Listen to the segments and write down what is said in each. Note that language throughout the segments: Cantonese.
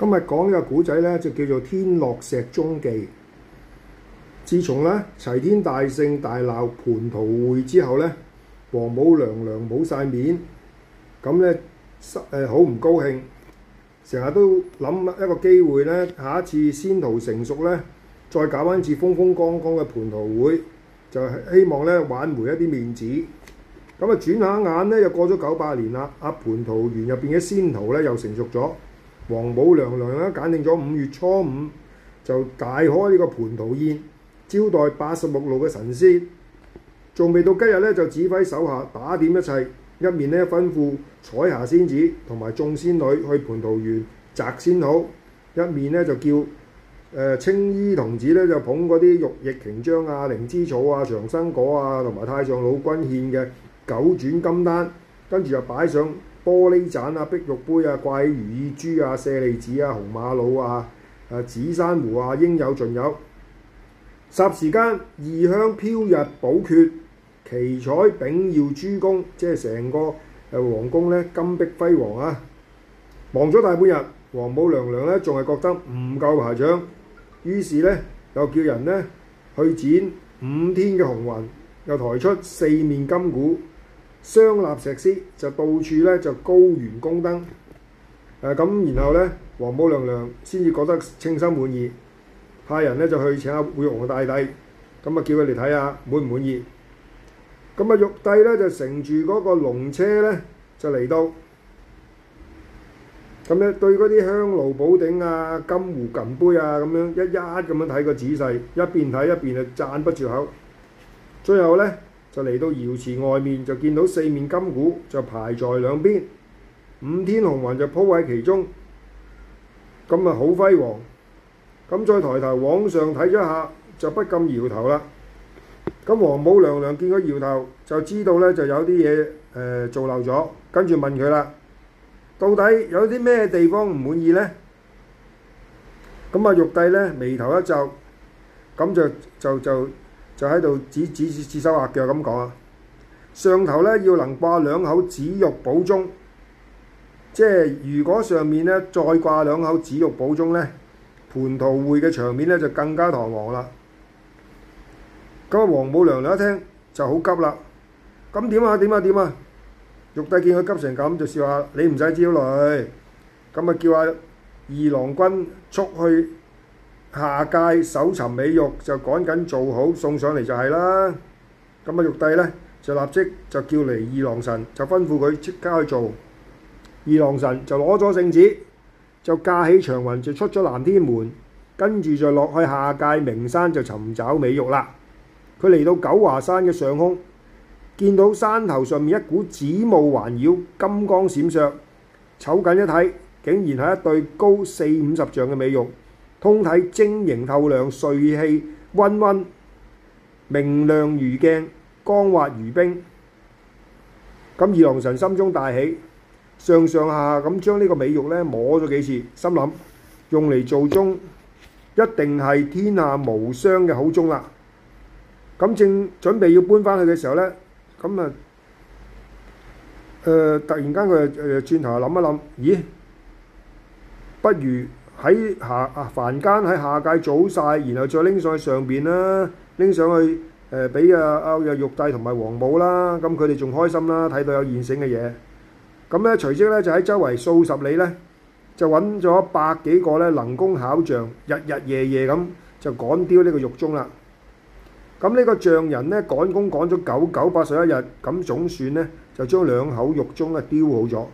今日講個呢個古仔咧，就叫做《天落石中記》。自從咧齊天大聖大鬧蟠桃會之後咧，王母娘娘冇晒面，咁咧誒好唔高興，成日都諗一個機會咧，下一次仙桃成熟咧，再搞一次風風光光嘅蟠桃會，就係希望咧挽回一啲面子。咁啊，轉下眼咧，又過咗九百年啦，阿蟠桃園入邊嘅仙桃咧又成熟咗。王母娘娘咧，揀定咗五月初五就大開呢個蟠桃宴，招待八十六路嘅神仙。仲未到今日咧，就指揮手下打點一切，一面咧吩咐彩霞仙子同埋眾仙女去蟠桃園摘仙桃，一面咧就叫呃、青衣童子咧就捧嗰啲玉液瓊漿啊、靈芝草啊、長生果啊，同埋太上老君獻嘅九轉金丹，跟住就擺上。玻璃盞啊、碧玉杯啊、掛起如意珠啊、舍利子啊、紅瑪瑙啊、誒紫珊瑚啊，應有盡有。霎時間，異香飄逸，寶闕奇彩炳耀，珠宮即係成個皇宮咧，金碧輝煌啊！忙咗大半日，王母娘娘呢仲係覺得唔夠排場，於是呢又叫人呢去剪五天嘅紅雲，又抬出四面金鼓。雙立石獅就到處咧，就高圓宮燈，誒、啊、咁，然後咧，王母娘娘先至覺得稱心滿意，派人咧就去請阿玉皇大帝，咁啊叫佢哋睇下滿唔滿意，咁啊玉帝咧就乘住嗰個龍車咧就嚟到，咁咧對嗰啲香爐寶鼎啊、金壺銀杯啊咁樣一一咁樣睇個仔細，一邊睇一邊就讚不絕口，最後咧。就嚟到瑤池外面，就見到四面金鼓就排在兩邊，五天紅雲就鋪喺其中，咁啊好輝煌。咁再抬頭往上睇咗一下，就不禁搖頭啦。咁王母娘娘見佢搖頭，就知道呢就有啲嘢誒做漏咗，跟住問佢啦：「到底有啲咩地方唔滿意呢？」咁啊，玉帝呢，眉頭一皺，咁就就就。就就就喺度指指,指指指手畫腳咁講啊！上頭咧要能掛兩口紫玉寶鐘，即係如果上面咧再掛兩口紫玉寶鐘咧，蟠桃會嘅場面咧就更加堂皇啦。咁啊，王母娘娘一聽就好急啦，咁點啊點啊點啊！玉帝見佢急成咁，就笑話：你唔使焦慮，咁啊叫阿二郎君出去。下界搜尋美玉就趕緊做好送上嚟就係啦，咁啊玉帝呢，就立即就叫嚟二郎神就吩咐佢即刻去做，二郎神就攞咗聖旨就駕起祥雲就出咗南天門，跟住就落去下界名山就尋找美玉啦。佢嚟到九華山嘅上空，見到山頭上面一股紫霧環繞，金光閃爍，瞅緊一睇，竟然係一對高四五十丈嘅美玉。通體晶瑩透亮、瑞氣温温、明亮如鏡、光滑如冰。咁二郎神心中大喜，上上下下咁將呢個美玉呢摸咗幾次，心諗用嚟做鐘，一定係天下無雙嘅好鐘啦。咁正準備要搬翻去嘅時候呢，咁啊，誒突然間佢誒轉頭諗一諗，咦，不如～喺下啊凡間喺下界早晒，然後再拎上去上邊啦，拎上去誒俾、呃、啊啊個、啊、玉帝同埋王母啦，咁佢哋仲開心啦，睇到有現成嘅嘢。咁、嗯、咧隨即咧就喺周圍數十里咧，就揾咗百幾個咧能工巧匠，日日夜夜咁就趕雕、嗯這個、呢個玉鐘啦。咁呢個匠人咧趕工趕咗九九八十一日，咁總算咧就將兩口玉鐘咧雕好咗。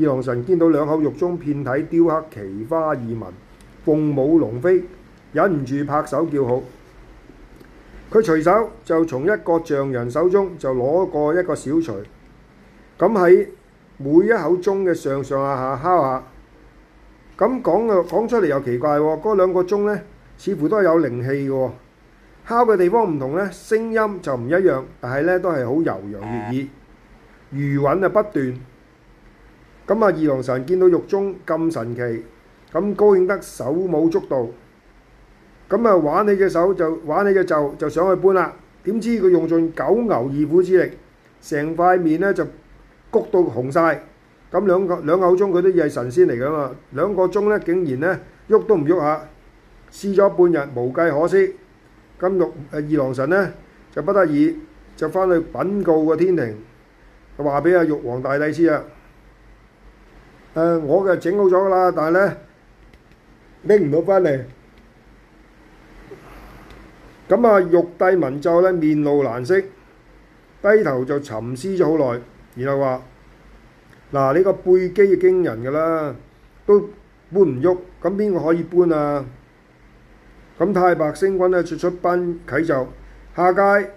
二郎神見到兩口玉鐘遍體雕刻奇花異紋，鳳舞龍飛，忍唔住拍手叫好。佢隨手就從一個匠人手中就攞過一個小錘，咁喺每一口鐘嘅上上下下敲下。咁講嘅講出嚟又奇怪喎，嗰、那個、兩個鐘呢似乎都係有靈氣嘅，敲嘅地方唔同呢，聲音就唔一樣，但係呢都係好悠揚悅耳，餘韻啊不斷。咁啊！二郎神見到玉鐘咁神奇，咁高興得手舞足蹈，咁啊玩起隻手就玩起隻袖就想去搬啦。點知佢用盡九牛二虎之力，成塊面咧就谷到紅晒。咁兩個兩口鐘佢都係神仙嚟㗎嘛，兩個鐘咧竟然咧喐都唔喐下，試咗半日無計可施。咁玉誒二郎神咧就不得已，就翻去禀告個天庭，話俾阿玉皇大帝知啊。誒，我嘅整好咗噶啦，但係咧拎唔到翻嚟。咁啊，玉帝文晝咧面露難色，低頭就沉思咗好耐，然後話：嗱，呢個背肌嘅驚人噶啦，都搬唔喐，咁邊個可以搬啊？咁太白星君咧，出出班啟奏下界，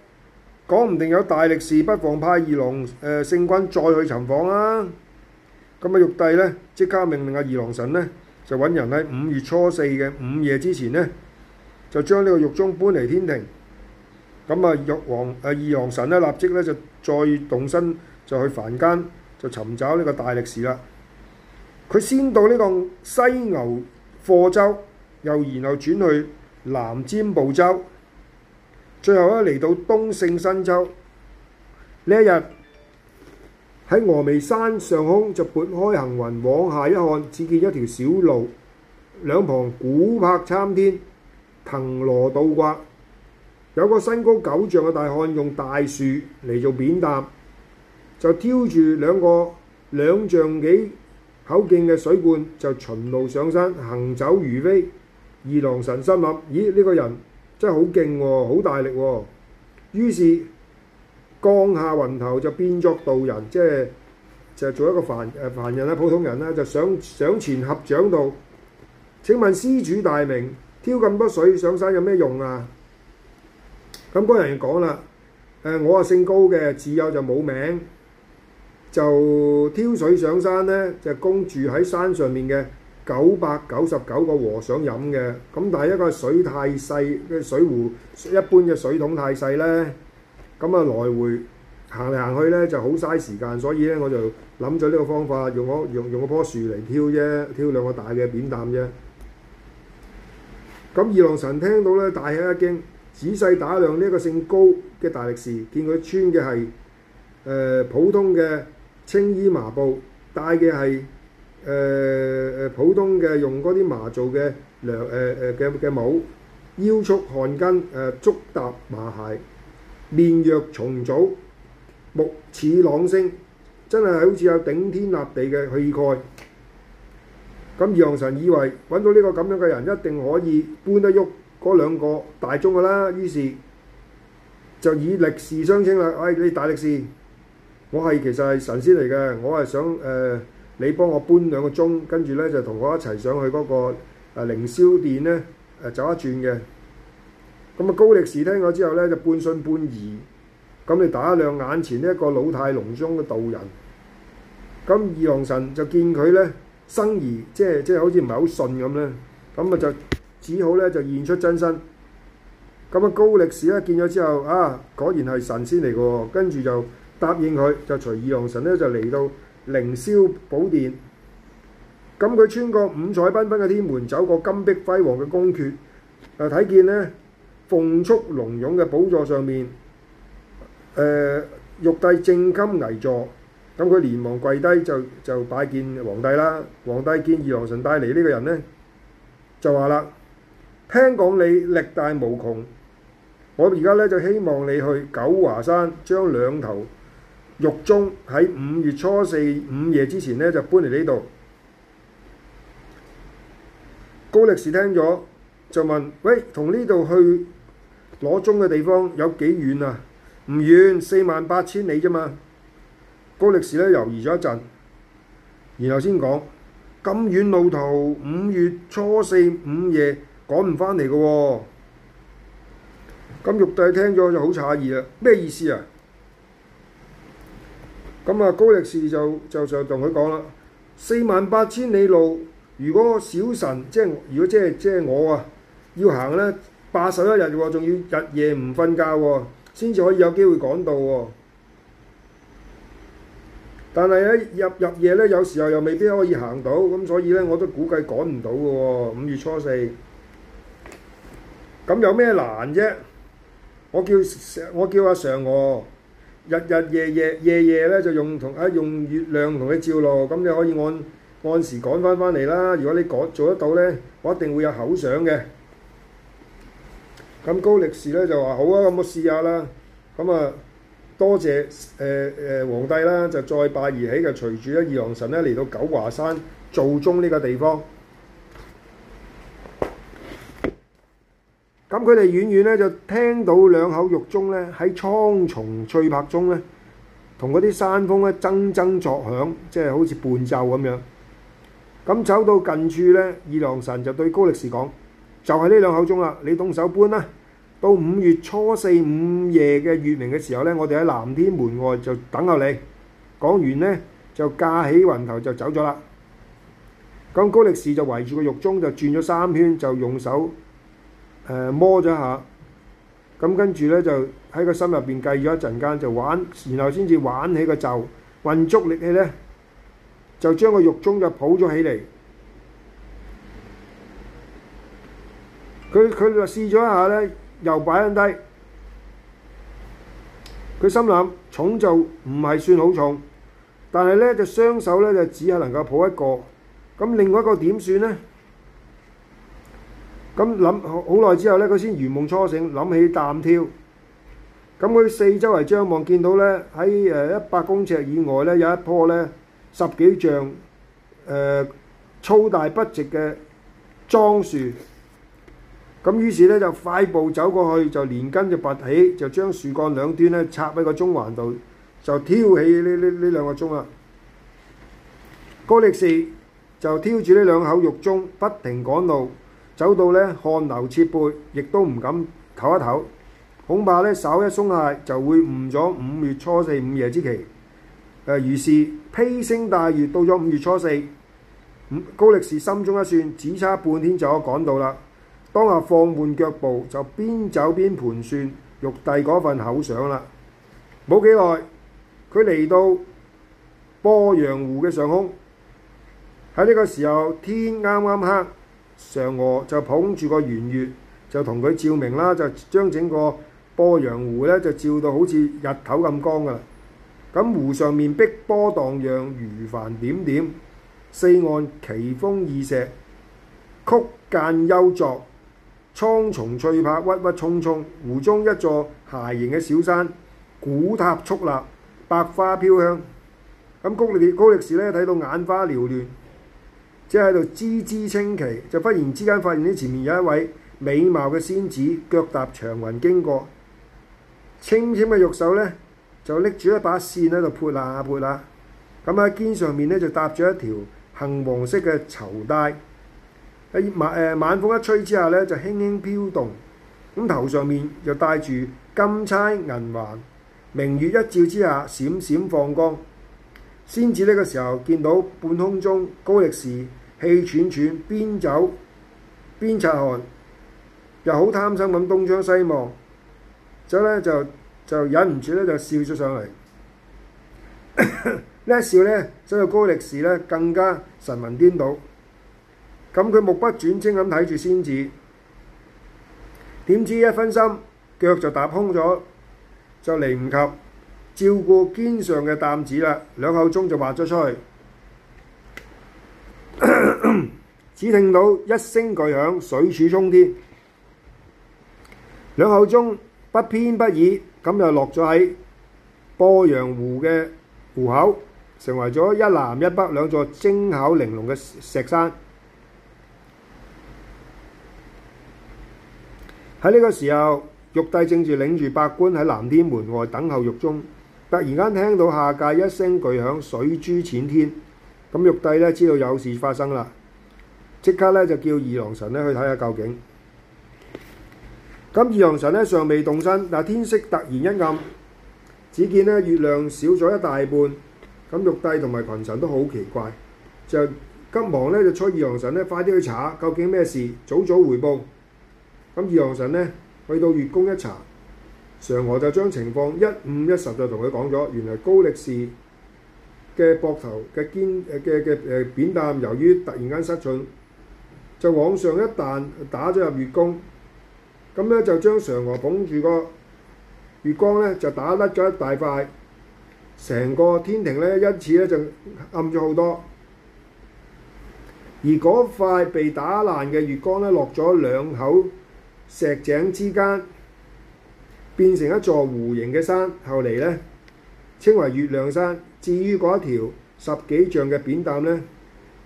講唔定有大力士，不妨派二郎誒星君再去尋訪啊！咁啊，玉帝咧即刻命令阿二郎神咧就揾人喺五月初四嘅午夜之前咧就將呢個玉鐘搬嚟天庭。咁啊，玉皇誒二郎神咧立即咧就再動身就去凡間就尋找呢個大力士啦。佢先到呢個西牛貨洲，又然後轉去南贍部洲，最後咧嚟到東勝神洲。呢一日，喺峨眉山上空就撥開行雲，往下一看，只見一條小路，兩旁古柏參天，藤蘿倒掛。有個身高九丈嘅大漢，用大樹嚟做扁擔，就挑住兩個兩丈幾口徑嘅水罐，就循路上山，行走如飛。二郎神心諗：咦，呢、這個人真係好勁喎，好大力喎、哦。於是降下雲頭就變作道人，即係就係做一個凡誒凡人啦，普通人啦，就上上前合掌道，請問施主大名？挑咁多水上山有咩用啊？咁嗰人講啦，誒我啊姓高嘅，自幼就冇名，就挑水上山咧，就供住喺山上面嘅九百九十九個和尚飲嘅。咁但係一個水太細嘅水壺，一般嘅水桶太細咧。咁啊，來回行嚟行去咧，就好嘥時間，所以咧我就諗咗呢個方法，用嗰用用嗰棵樹嚟挑啫，挑兩個大嘅扁擔啫。咁二郎神聽到咧，大吃一驚，仔細打量呢一個姓高嘅大力士，見佢穿嘅係誒普通嘅青衣麻布，戴嘅係誒誒普通嘅用嗰啲麻做嘅涼誒誒嘅嘅帽，腰束汗巾，誒、呃、足踏麻鞋。面若重組，目似朗星，真係好似有頂天立地嘅氣概。咁陽神以為揾到呢個咁樣嘅人，一定可以搬得喐嗰兩個大鐘㗎啦。於是就以力士相稱啦。哎，你大力士，我係其實係神仙嚟嘅。我係想誒、呃，你幫我搬兩個鐘，跟住呢就同我一齊上去嗰、嗰個凌霄、呃、殿呢，呃、走一轉嘅。咁啊！高力士聽咗之後咧，就半信半疑。咁你打量眼前呢一個老態龍鍾嘅道人，咁二郎神就見佢咧生疑，即係即係好似唔係好信咁咧。咁啊，就只好咧就現出真身。咁啊，高力士咧見咗之後啊，果然係神仙嚟嘅。跟住就答應佢，就隨二郎神咧就嚟到凌霄寶殿。咁佢穿過五彩繽紛嘅天門，走過金碧輝煌嘅宮闕，誒、呃、睇見咧。鳳速龍湧嘅寶座上面，誒、呃、玉帝正襟危坐，咁佢連忙跪低就就拜見皇帝啦。皇帝見二郎神帶嚟呢個人呢，就話啦：聽講你力大無窮，我而家呢，就希望你去九華山將兩頭玉鐘喺五月初四午夜之前呢，就搬嚟呢度。高力士聽咗就問：喂，同呢度去？攞鐘嘅地方有幾遠啊？唔遠，四萬八千里啫嘛。高力士咧猶豫咗一陣，然後先講：咁遠路途，五月初四午夜趕唔返嚟嘅喎。咁、哦、玉帝聽咗就好詫異啦，咩意思啊？咁啊，高力士就就就同佢講啦：四萬八千里路，如果小神即係如果即係即係我啊，要行咧。八十一日喎，仲要日夜唔瞓覺喎，先至可以有機會趕到喎。但係咧入日夜咧，有時候又未必可以行到，咁所以咧我都估計趕唔到嘅喎。五月初四，咁有咩難啫？我叫我叫嫦娥喎，日日夜夜夜夜咧就用同啊用月亮同你照路，咁你可以按按時趕返返嚟啦。如果你趕做得到咧，我一定會有口想嘅。咁高力士咧就話好啊，咁我試下啦。咁啊，多謝誒誒、呃呃、皇帝啦，就再拜而起，就隨住咧二郎神咧嚟到九華山造鐘呢個地方。咁佢哋遠遠咧就聽到兩口玉鐘咧喺蒼松翠柏中咧，同嗰啲山峰咧錚錚作響，即係好似伴奏咁樣。咁走到近處咧，二郎神就對高力士講。就係呢兩口鐘啦，你動手搬啦。到五月初四五夜嘅月明嘅時候呢，我哋喺南天門外就等候你。講完呢，就架起雲頭就走咗啦。咁高力士就圍住個玉鐘就轉咗三圈，就用手摸咗下。咁跟住呢，就喺個心入邊計咗一陣間就玩，然後先至玩起個咒。運足力氣呢，就將個玉鐘就抱咗起嚟。佢佢話試咗一下咧，又擺緊低。佢心諗重就唔係算好重，但係咧就雙手咧就只係能夠抱一個，咁另外一個點算咧？咁諗好耐之後咧，佢先如夢初醒，諗起擔挑。咁佢四周圍張望，見到咧喺誒一百公尺以外咧有一棵咧十幾丈誒、呃、粗大不直嘅莊樹。咁於是咧就快步走過去，就連根就拔起，就將樹幹兩端咧插喺個中環度，就挑起呢呢呢兩個鐘啊！高力士就挑住呢兩口肉鐘，不停趕路，走到咧汗流浹背，亦都唔敢唞一唞，恐怕咧稍一鬆懈就會誤咗五月初四午夜之期。誒、呃，於是披星戴月到咗五月初四，高力士心中一算，只差半天就可趕到啦。當下放緩腳步，就邊走邊盤算玉帝嗰份口想啦。冇幾耐，佢嚟到鄱陽湖嘅上空。喺呢個時候，天啱啱黑，嫦娥就捧住個圓月，就同佢照明啦，就將整個鄱陽湖咧就照到好似日頭咁光㗎啦。咁湖上面碧波盪漾，漁帆點點，四岸奇峰異石，曲間幽作。蒼松翠柏鬱鬱蔥蔥，湖中一座鞋形嘅小山，古塔矗立，百花飄香。咁高力高力士呢，睇到眼花撩亂，即係喺度嘖嘖稱奇，就忽然之間發現咧前面有一位美貌嘅仙子，腳踏祥雲經過，纖纖嘅玉手呢，就拎住一把扇喺度撥啊撥啊，咁喺肩上面呢，就搭住一條杏黃色嘅綢帶。晚誒，晚風一吹之下咧，就輕輕飄動。咁頭上面又戴住金釵銀環，明月一照之下，閃閃放光。先至呢個時候見到半空中高力士氣喘喘，邊走邊擦汗，又好貪心咁東張西望，咁咧就就，就忍唔住咧就笑咗上嚟。呢 一笑咧，所以高力士咧更加神魂顛倒。咁佢目不轉睛咁睇住仙子，點知一分心腳就踏空咗，就嚟唔及照顧肩上嘅擔子啦。兩口鐘就滑咗出去，只聽到一聲巨響，水柱衝天。兩口鐘不偏不倚咁又落咗喺鄱陽湖嘅湖口，成為咗一南一北兩座精巧玲瓏嘅石山。喺呢個時候，玉帝正住領住百官喺南天門外等候玉鐘。突然間聽到下界一聲巨響，水珠濺天。咁玉帝咧知道有事發生啦，即刻咧就叫二郎神咧去睇下究竟。咁二郎神咧尚未動身，但天色突然一暗，只見咧月亮少咗一大半。咁玉帝同埋群臣都好奇怪，就急忙咧就催二郎神咧快啲去查究竟咩事，早早回報。咁二郎神咧去到月宮一查，嫦娥就將情況一五一十就同佢講咗，原來高力士嘅膊頭嘅肩嘅嘅誒扁擔由於突然間失重，就往上一彈打咗入月宮，咁咧就將嫦娥捧住個月光咧就打甩咗一大塊，成個天庭咧因此咧就暗咗好多，而嗰塊被打爛嘅月光咧落咗兩口。石井之間變成一座弧形嘅山，後嚟咧稱為月亮山。至於嗰一條十幾丈嘅扁擔咧，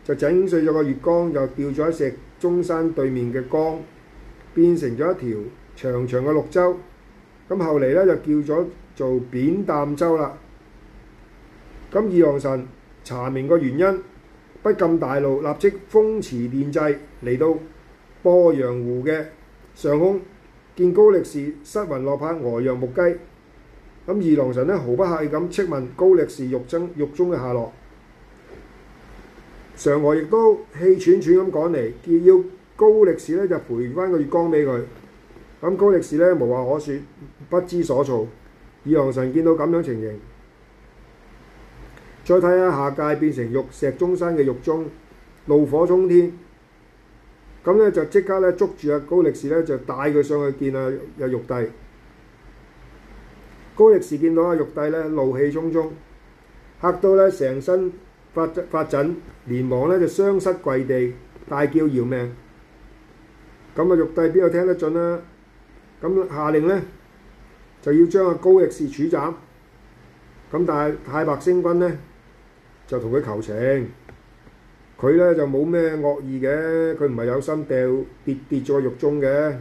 就整碎咗個月光，又掉咗喺石鐘山對面嘅江，變成咗一條長長嘅綠洲。咁後嚟咧就叫咗做扁擔洲啦。咁二郎神查明個原因，不禁大怒，立即風馳電掣嚟到鄱陽湖嘅上空見高力士失魂落魄，呆若木雞。咁二郎神咧毫不客氣咁斥問高力士玉尊玉中嘅下落。嫦娥亦都氣喘喘咁趕嚟，要高力士呢就賠翻個月光俾佢。咁高力士呢無話可説，不知所措。二郎神見到咁樣情形，再睇下下界變成玉石中山嘅玉鐘，怒火沖天。咁咧就即刻咧捉住阿高力士咧，就帶佢上去見啊，阿玉帝。高力士見到阿玉帝咧，怒氣沖沖，嚇到咧成身發發震，連忙咧就雙膝跪地，大叫要命。咁啊，玉帝邊有聽得準啊？咁下令咧就要將阿高力士處斬。咁但係太白星君咧就同佢求情。佢咧就冇咩惡意嘅，佢唔係有心掉跌跌咗個玉鐘嘅，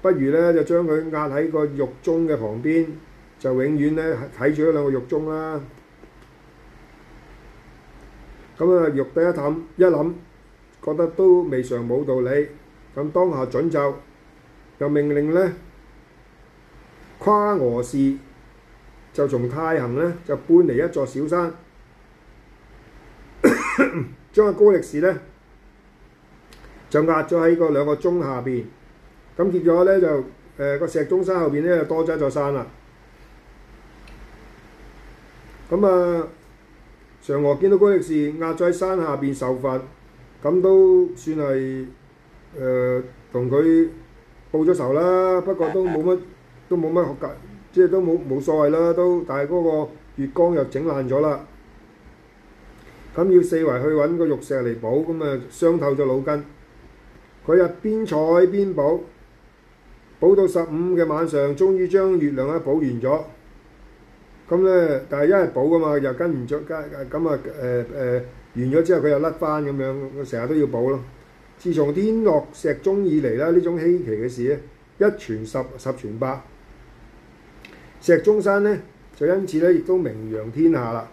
不如咧就將佢壓喺個玉鐘嘅旁邊，就永遠咧睇住嗰兩個玉鐘啦。咁啊，玉帝一諗一諗，覺得都未嘗冇道理，咁當下準奏，就命令咧，夸娥氏就從太行咧就搬嚟一座小山。將個高力士咧就壓咗喺個兩個鐘下邊，咁結果咧就誒個、呃、石鐘山後邊咧就多咗一座山啦。咁、嗯、啊，嫦娥見到高力士壓咗喺山下邊受罰，咁都算係誒同佢報咗仇啦。不過都冇乜都冇乜學格，即、就、係、是、都冇冇所謂啦。都但係嗰個月光又整爛咗啦。咁要四圍去揾個玉石嚟補，咁啊傷透咗腦筋。佢啊邊採邊補，補到十五嘅晚上，終於將月亮咧補完咗。咁咧，但係一係補㗎嘛，又跟唔着。咁啊誒誒，完咗之後佢又甩翻咁樣，成日都要補咯。自從天落石鐘以嚟咧，呢種稀奇嘅事咧，一傳十，十傳百，石鐘山咧就因此咧亦都名揚天下啦。